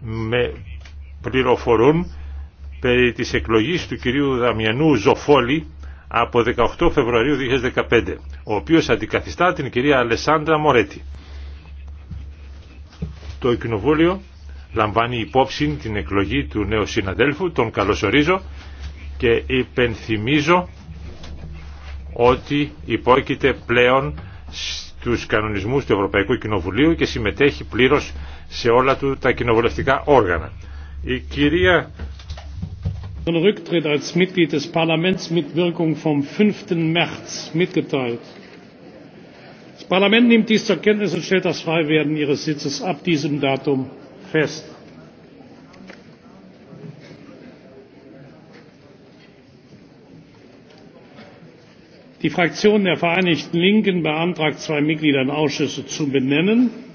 με πληροφορούν περί της εκλογής του κυρίου Δαμιανού Ζοφόλη από 18 Φεβρουαρίου 2015, ο οποίος αντικαθιστά την κυρία Αλεσάνδρα Μορέτη. Το Κοινοβούλιο λαμβάνει υπόψη την εκλογή του νέου συναδέλφου, τον καλωσορίζω και υπενθυμίζω ότι υπόκειται πλέον τους κανονισμούς του Ευρωπαϊκού Κοινοβουλίου και συμμετέχει πλήρως σε όλα του τα κοινοβουλευτικά όργανα. Η κυρία Ihren Rücktritt als Mitglied des Parlaments mit Wirkung vom 5. März mitgeteilt. Das Parlament nimmt dies zur Kenntnis und stellt das Freiwerden Ihres Sitzes ab diesem Datum fest. die fraktion der vereinigten linken beantragt zwei mitglieder in ausschüsse zu benennen.